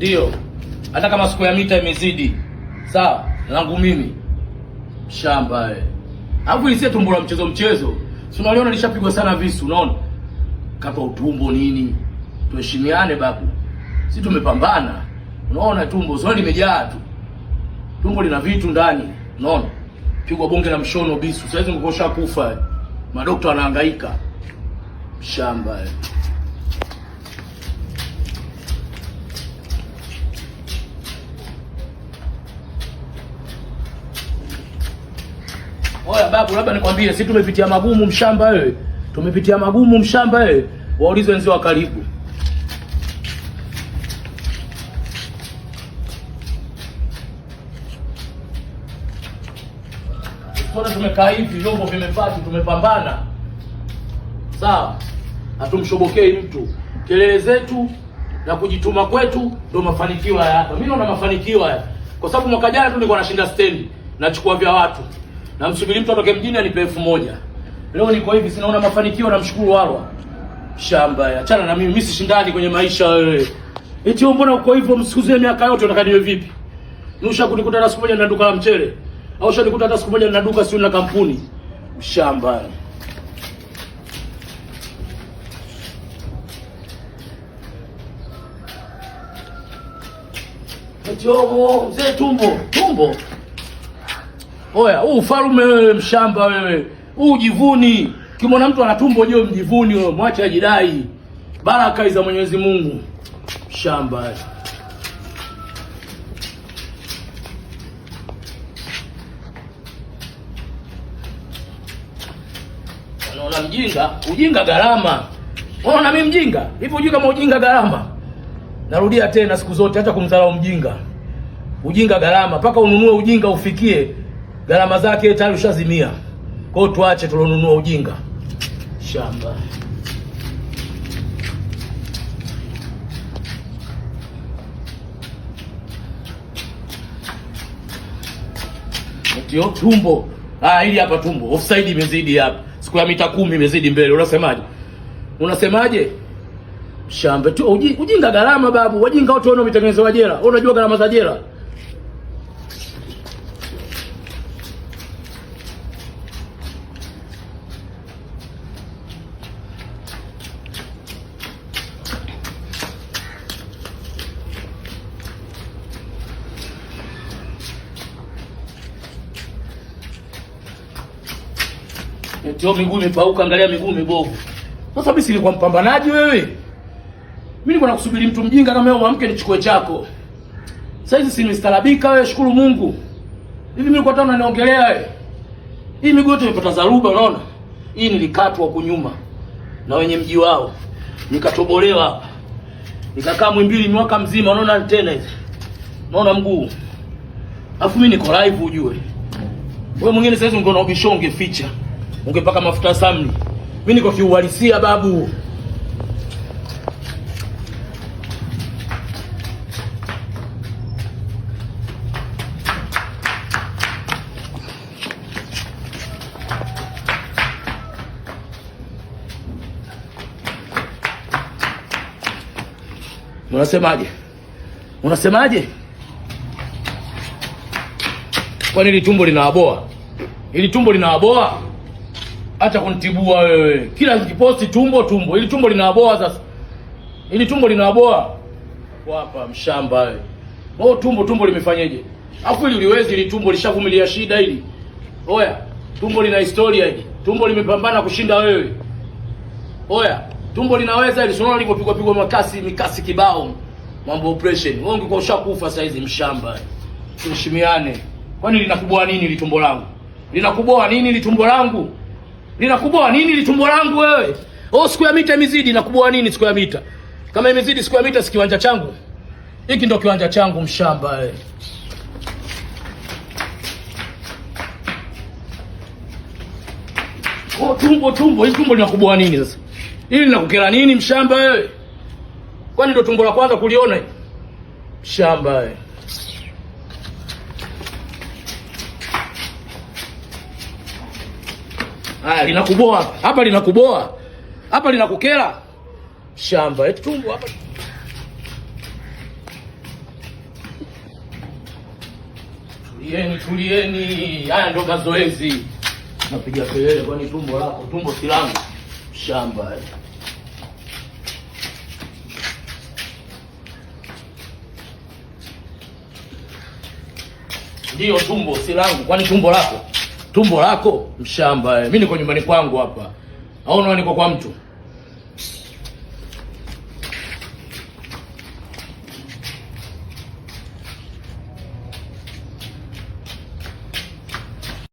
Ndio, hata kama siku ya mita imezidi sawa, langu mimi shamba eh. alafu isie tumbo la mchezo mchezo, si unaliona lishapigwa sana visu, unaona kapa utumbo nini. Tuheshimiane babu, si tumepambana, unaona tumbo sio limejaa tu, tumbo lina vitu ndani, unaona pigwa bonge la mshono bisu, saizi ngokosha kufa, eh. madokta wanahangaika shamba eh. oya babu, labda nikwambie, sisi tumepitia magumu mshamba wewe, eh. tumepitia magumu mshamba wewe. Eh. Waulize wenzio wa karibu. Mbona tumekaa hivi, vyombo vimepati, tumepambana sawa, hatumshobokei mtu. Kelele zetu na kujituma kwetu ndio mafanikio haya hapa. Mimi naona mafanikio haya, kwa sababu mwaka jana tu nilikuwa nashinda stendi, nachukua vya watu na msubiri mtu atoke mjini anipe elfu moja. Leo niko hivi sinaona mafanikio, namshukuru Walwa. Shamba ya achana na mimi, mimi sishindani kwenye maisha wewe. Eti wewe mbona uko hivyo msikuzie miaka yote unataka niwe vipi? Nusha kunikuta na siku moja na duka la mchele. Au sha nikuta hata siku moja na duka sio na kampuni. Mshamba. Eti wewe mzee tumbo, tumbo. Oya, huu ufalume wewe, mshamba wewe, huu jivuni. kimona mtu ana tumbo jeu, mjivuni wewe, mwache ajidai. Baraka za Mwenyezi Mungu, mshamba Unaona mjinga, ujinga gharama. Unaona mimi mjinga hivi, ujui kama ujinga gharama? Narudia tena siku zote, hata kumdharau mjinga, ujinga gharama, mpaka ununue ujinga ufikie gharama zake tayari ushazimia. Kwa hiyo tuache tulonunua ujinga shamba. Ndio tumbo. Ah, hili hapa tumbo. Offside imezidi hapa. Siku ya mita kumi imezidi mbele. Unasemaje? Unasemaje? Shamba tu ujinga, gharama babu. Wajinga watu wanaotengenezwa jela. unajua gharama za jela? Ndio miguu imepauka, angalia miguu mibovu. Sasa mimi silikuwa mpambanaji wewe. Mimi nilikuwa nakusubiri mtu mjinga kama wewe uamke nichukue chako. Sasa hizi si mistarabika wewe, shukuru Mungu. Hivi mimi nilikuwa tano naongelea wewe. Hii miguu yote imepata zaruba unaona? Hii nilikatwa huko nyuma na wenye mji wao. Nikatobolewa hapa. Nikakaa mwimbili mwaka mzima unaona tena hizi. Unaona mguu. Alafu mimi niko live ujue. Wewe mwingine sasa hizi ungeona ubisho ungeficha ungepaka mafuta samli. Mimi niko kiuhalisia babu. Unasemaje? Unasemaje? Kwani ili tumbo linawaboa? Ili tumbo linawaboa? acha kunitibua wewe. Kila nikiposti tumbo tumbo, ili tumbo linaboa sasa, ili tumbo linawaboa hapa mshamba wewe. Wao tumbo tumbo limefanyaje? Afu ili uliwezi ili tumbo lishavumilia shida hili. Oya, tumbo lina historia hili. Tumbo limepambana kushinda wewe. Oya, tumbo linaweza ili sonona liko pigwa pigwa makasi mikasi kibao. Mambo operation. Wewe ungekuwa ushakufa saa hizi mshamba. Tuheshimiane. Kwani linakuboa nini ili tumbo langu? Linakuboa nini ili tumbo langu? Ninakuboa nini litumbo langu wewe? Oh, siku ya mita imezidi, nakuboa nini siku ya mita? Kama imezidi siku ya mita, si kiwanja changu hiki? Ndo kiwanja changu mshamba wewe. Eh. Oh, tumbo tumbo, hili tumbo linakuboa nini sasa? Hili linakukera nini mshamba wewe? Eh? Kwani ndo tumbo la kwanza kuliona hili? Mshamba wewe. Eh. Haya, linakuboa hapa, linakuboa hapa, linakukera shamba eti tumbo hapa. Tulieni, tulieni. Haya ndo mazoezi, napiga kelele kwani tumbo lako? Tumbo si langu, shamba ndiyo, tumbo si langu, kwani tumbo lako tumbo lako mshamba. Eh. Mimi niko nyumbani kwangu hapa, au unaona niko kwa mtu